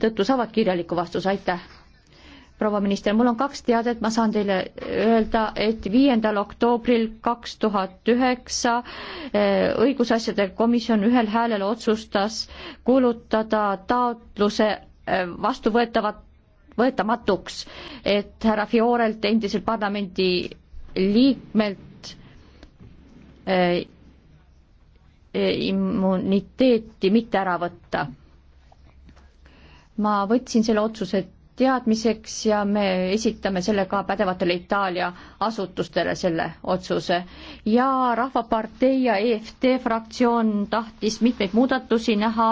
tõttu saavad kirjaliku vastuse, aitäh! proua minister, mul on kaks teadet, ma saan teile öelda, et viiendal oktoobril kaks tuhat üheksa eh, õigusasjade komisjon ühel häälel otsustas kuulutada taotluse eh, vastuvõetavat, võetamatuks, et härra Fiorelt, endiselt parlamendi liikmelt eh, immuniteeti mitte ära võtta ma võtsin selle otsuse teadmiseks ja me esitame selle ka pädevatele Itaalia asutustele, selle otsuse. ja Rahvapartei ja EFT fraktsioon tahtis mitmeid muudatusi näha